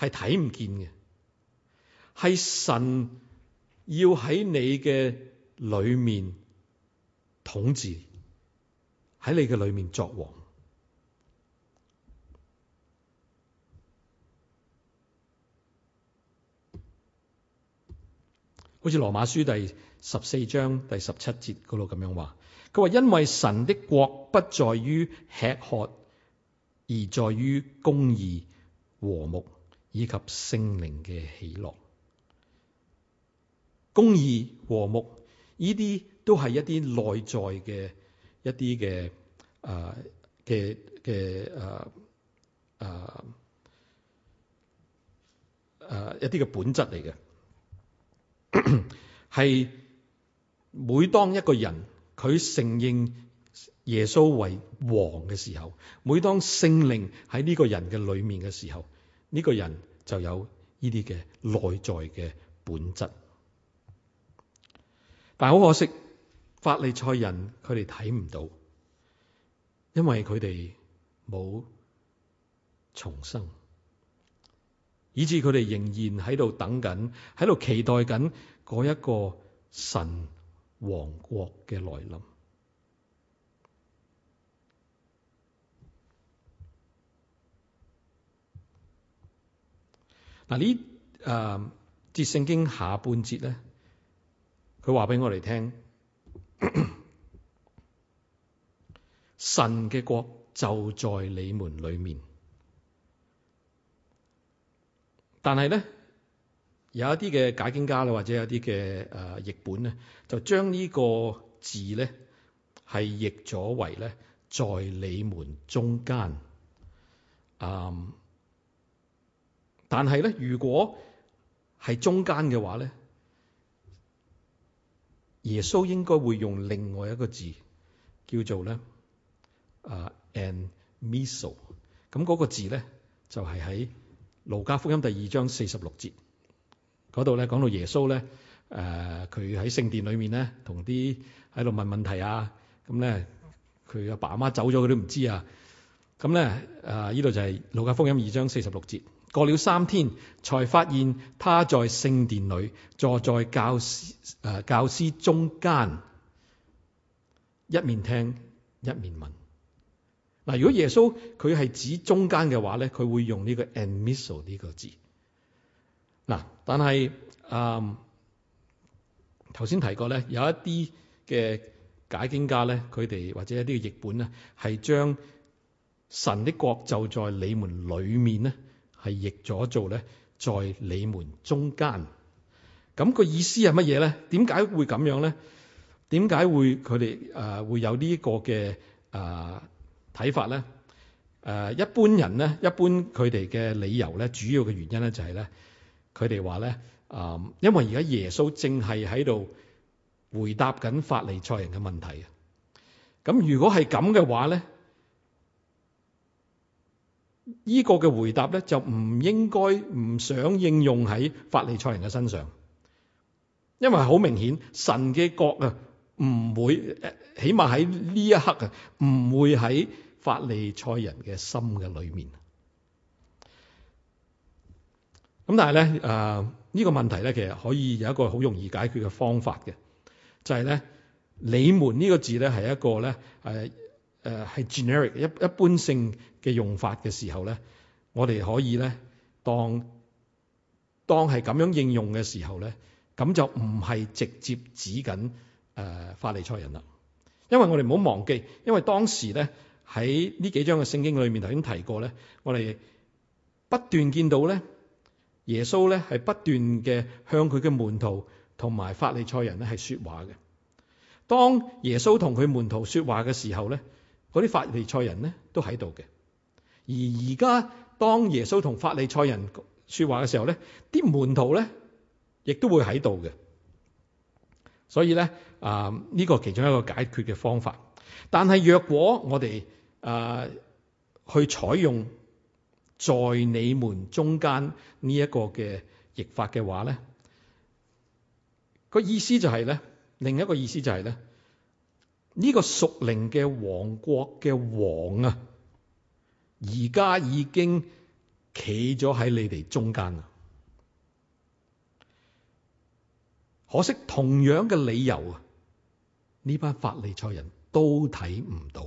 係睇唔見嘅，係神要喺你嘅裏面統治，喺你嘅裏面作王。好似羅馬書第十四章第十七節嗰度咁樣話，佢話因為神的國不在於吃喝，而在於公義、和睦以及聖靈嘅喜樂。公義、和睦，呢啲都係一啲內在嘅一啲嘅誒嘅嘅誒誒誒一啲嘅本質嚟嘅。係 每當一個人佢承認耶穌為王嘅時候，每當聖靈喺呢個人嘅裏面嘅時候，呢個人就有呢啲嘅內在嘅本質。但係好可惜，法利賽人佢哋睇唔到，因為佢哋冇重生。以致佢哋仍然喺度等緊，喺度期待緊嗰一個神王國嘅來臨。嗱，呢、啊、誒，節聖經下半節咧，佢話俾我哋聽，神嘅國就在你們裏面。但係咧，有一啲嘅解經家咧，或者有啲嘅誒譯本咧，就將呢個字咧係譯咗為咧，在你們中間。嗯，但係咧，如果係中間嘅話咧，耶穌應該會用另外一個字叫做咧誒、呃、en meso，咁嗰、嗯嗰個、字咧就係、係、喺。路加福音第二章四十六節度咧講到耶穌咧誒佢喺聖殿裏面咧同啲喺度問問題啊，咁咧佢阿爸阿媽走咗佢都唔知啊。咁咧誒，呢度就係路加福音二章四十六節，過了三天才發現他在聖殿裏坐在教師、誒、呃、教師中間，一面聽一面問。嗱，如果耶穌佢係指中間嘅話咧，佢會用呢個 en meso 呢個字。嗱，但係啊，頭先提過咧，有一啲嘅解經家咧，佢哋或者一啲譯本咧，係將神的國就在你們裡面咧，係譯咗做咧在你們中間。咁、那個意思係乜嘢咧？點解會咁樣咧？點解會佢哋啊會有呢個嘅啊？呃睇法咧，誒一般人咧，一般佢哋嘅理由咧，主要嘅原因咧就係咧，佢哋話咧，啊，因為而家耶穌正係喺度回答緊法利賽人嘅問題啊。咁如果係咁嘅話咧，依個嘅回答咧就唔應該唔想應用喺法利賽人嘅身上，因為好明顯神嘅國啊，唔會，誒，起碼喺呢一刻啊，唔會喺，法利賽人嘅心嘅裏面，咁、嗯、但係咧誒呢、呃呢個問題咧，其實可以有一個好容易解決嘅方法嘅，就係、係、咧你們呢個字咧係一個咧誒誒係 generic 一一般性嘅用法嘅時候咧，我哋可以咧當當係咁樣應用嘅時候咧，咁就唔係直接指緊誒、呃、法利賽人啦，因為我哋唔好忘記，因為當時咧。喺呢幾章嘅聖經裏面頭先提過咧，我哋不斷見到咧，耶穌咧，係不斷嘅向佢嘅門徒同埋法利賽人咧係說話嘅。當耶穌同佢門徒說話嘅時候咧，嗰啲法利賽人咧都喺度嘅。而而家當耶穌同法利賽人說話嘅時候咧，啲門徒咧亦都會喺度嘅。所以咧啊，呢個、呃這個是其中一個解決嘅方法。但係若果我哋啊！去採用在你們中間呢一個嘅譯法嘅話咧，個意思就係咧，另一個意思就係咧，呢個屬靈嘅王國嘅王啊，而家已經企咗喺你哋中間啊。可惜同樣嘅理由啊，呢班法利賽人都睇唔到。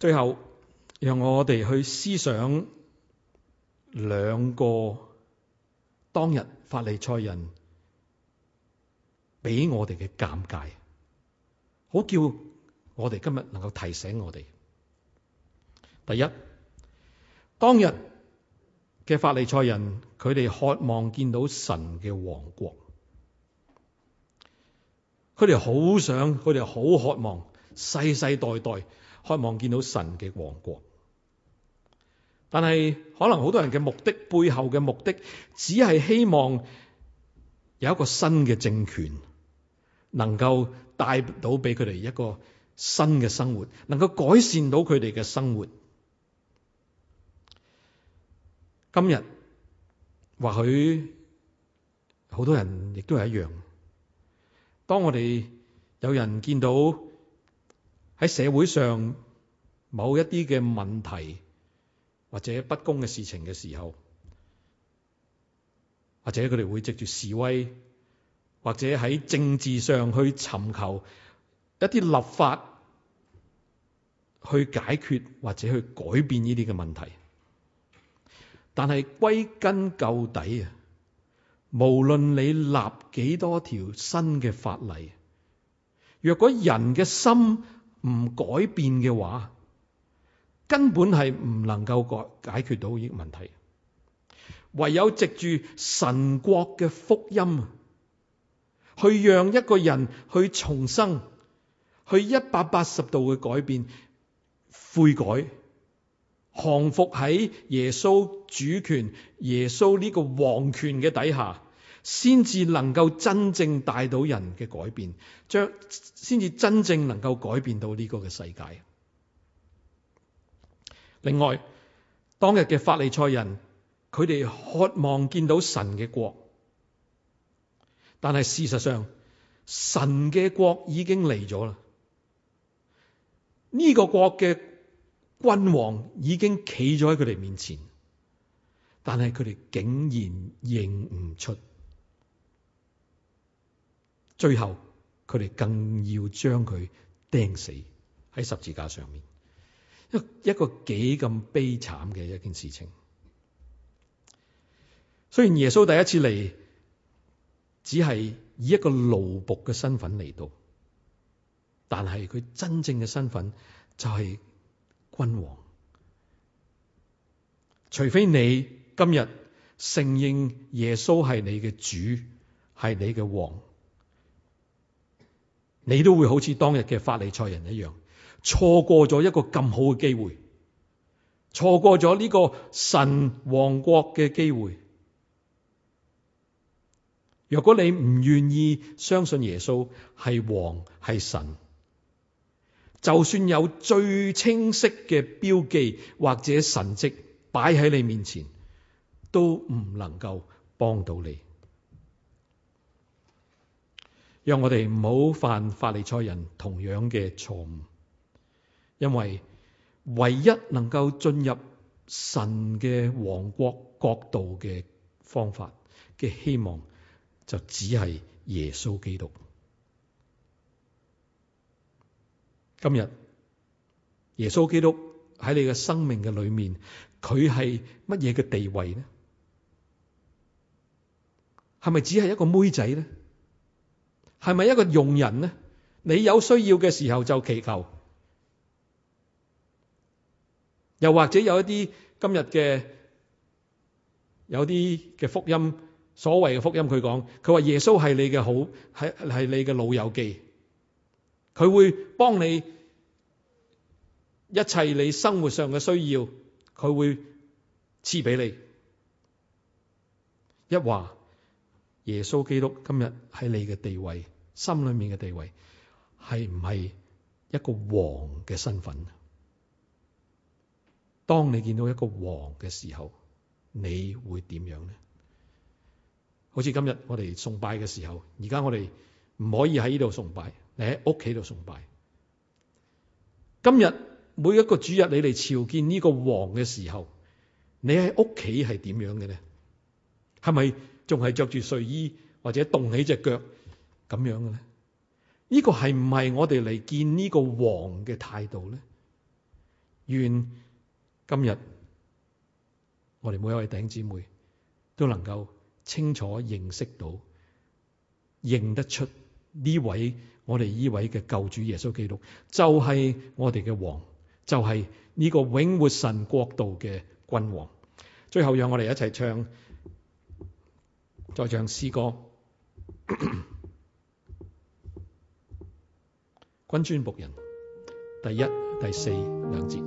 最後，讓我哋去思想兩個當日法利賽人俾我哋嘅尷尬，好叫我哋今日能夠提醒我哋。第一，當日嘅法利賽人，佢哋渴望見到神嘅王國，佢哋好想，佢哋好渴望，世世代代。渴望見到神嘅王國，但係可能好多人嘅目的背後嘅目的，只係希望有一個新嘅政權能夠帶到俾佢哋一個新嘅生活，能夠改善到佢哋嘅生活。今日或許好多人亦都係一樣。當我哋有人見到喺社會上某一啲嘅問題，或者不公嘅事情嘅時候，或者佢哋會藉住示威，或者喺政治上去尋求一啲立法去解決，或者去改變呢啲嘅問題。但係歸根究底啊，無論你立幾多條新嘅法例，若果人嘅心唔改變嘅話，根本係唔能夠解解決到呢個問題。唯有藉住神國嘅福音，去讓一個人去重生，去一百八十度嘅改變、悔改，降服喺耶穌主權、耶穌呢個王權嘅底下。先至能夠真正帶到人嘅改變，將先至真正能夠改變到呢個嘅世界。另外，當日嘅法利賽人，佢哋渴望見到神嘅國，但係事實上，神嘅國已經嚟咗啦。呢個國嘅君王已經企咗喺佢哋面前，但係佢哋竟然認唔出。最後佢哋更要將佢釘死喺十字架上面，一，一個幾咁悲慘嘅一件事情。雖然耶穌第一次嚟只係以一個奴僕嘅身份嚟到，但係佢真正嘅身份就係君王。除非你今日承認耶穌係你嘅主，係你嘅王。你都會好似當日嘅法利賽人一樣，錯過咗一個咁好嘅機會，錯過咗呢個神王國嘅機會。如果你唔願意相信耶穌係王係神，就算有最清晰嘅標記或者神跡擺喺你面前，都唔能夠幫到你。讓我哋唔好犯法利賽人同樣嘅錯誤，因為唯一能夠進入神嘅王國國度嘅方法嘅希望，就只係耶穌基督。今日耶穌基督喺你嘅生命嘅裏面，佢係乜嘢嘅地位呢？係咪只係一個妹仔呢？係咪一個傭人呢？你有需要嘅時候就祈求，又或者有一啲今日嘅有啲嘅福音，所謂嘅福音佢講，佢話耶穌係你嘅好，係係你嘅老友記，佢會幫你一切你生活上嘅需要，佢會賜俾你一話。耶穌基督今日喺你嘅地位，心裏面嘅地位係唔係一個王嘅身份？當你見到一個王嘅時候，你會點樣呢？好似今日我哋崇拜嘅時候，而家我哋唔可以喺呢度崇拜，你喺屋企度崇拜。今日每一個主日你嚟朝見呢個王嘅時候，你喺屋企係點樣嘅呢？係咪仲係着住睡衣或者凍起隻腳咁樣嘅咧？呢個係唔係我哋嚟見呢個王嘅態度咧？願今日我哋每一位弟兄姊妹都能夠清楚認識到、認得出呢位我哋呢位嘅救主耶穌基督，就係我哋嘅王，就係呢個永活神國度嘅君王。最後讓我哋一齊唱。再唱詩歌，咳咳《君尊僕人》第一、第四兩節。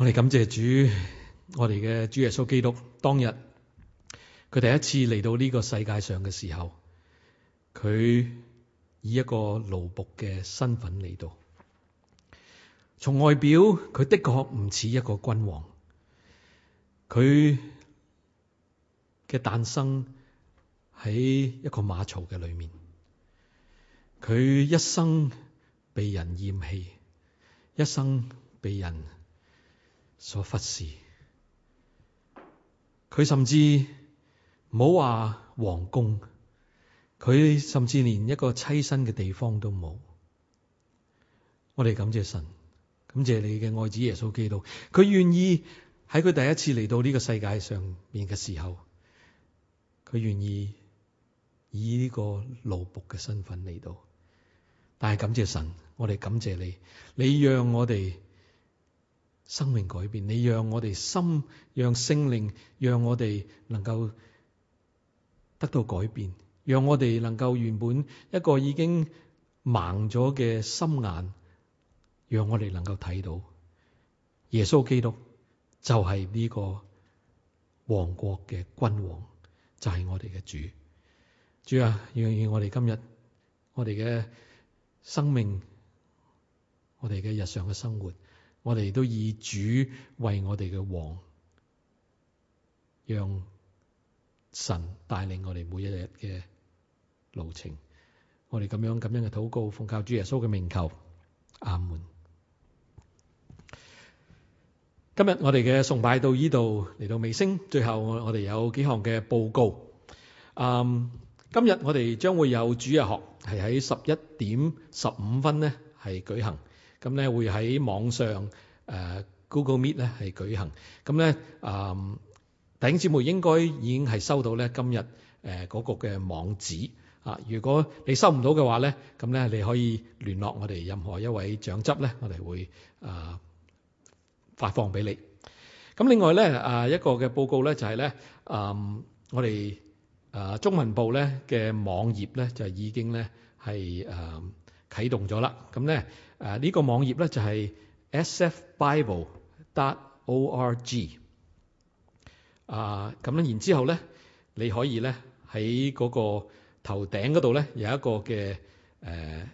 我哋感謝主，我哋嘅主耶穌基督，當日佢第一次嚟到呢個世界上嘅時候，佢以一個奴僕嘅身份嚟到，從外表佢的確唔似一個君王，佢嘅誕生喺一個馬槽嘅裏面，佢一生被人厭棄，一生被人所忽視，佢甚至唔好話皇宮，佢甚至連一個棲身嘅地方都冇。我哋感謝神，感謝你嘅愛子耶穌基督，佢願意喺佢第一次嚟到呢個世界上面嘅時候，佢願意以呢個奴僕嘅身份嚟到。但係感謝神，我哋感謝你，你讓我哋。生命改變，你讓我哋心，讓聖靈，讓我哋能夠得到改變，讓我哋能夠原本一個已經盲咗嘅心眼，讓我哋能夠睇到耶穌基督就係呢個王國嘅君王，就係、是、我哋嘅主。主啊，願意我哋今日我哋嘅生命，我哋嘅日常嘅生活。我哋都以主為我哋嘅王，讓神帶領我哋每一日嘅路程。我哋咁樣咁樣嘅禱告，奉靠主耶穌嘅名求，阿門。今日我哋嘅崇拜到呢度嚟到尾聲，最後我哋有幾項嘅報告。嗯，今日我哋將會有主日學係，喺十一點十五分呢係舉行。咁咧會喺網上誒 Google Meet 咧係舉行，咁咧誒弟兄姊妹應該已經係收到咧今日誒嗰個嘅網址啊，如果你收唔到嘅話咧，咁咧你可以聯絡我哋任何一位長執咧，我哋會誒發放俾你。咁另外咧誒一個嘅報告咧就係咧誒我哋誒中文部咧嘅網頁咧就已經咧係誒啟動咗啦，咁咧。誒呢個網頁咧就係 sfbible.org 啊，咁咧然之後咧你可以咧喺嗰個頭頂嗰度咧有一個嘅誒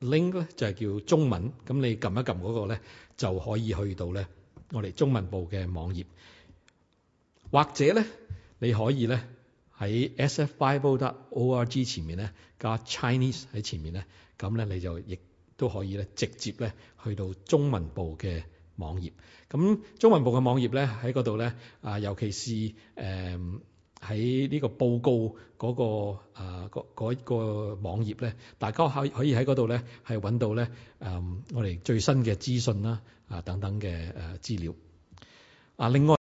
link 咧就係叫中文，咁你撳一撳嗰個咧就可以去到咧我哋中文部嘅網頁，或者咧你可以咧喺 sfbible.org 前面咧加 Chinese 喺前面咧，咁咧你就亦。都可以咧，直接咧去到中文部嘅網頁。咁中文部嘅網頁咧喺嗰度咧啊，尤其是誒喺呢個報告嗰個啊嗰嗰個網頁咧，大家可以可以喺嗰度咧係揾到咧誒我哋最新嘅資訊啦啊等等嘅誒資料啊。另外。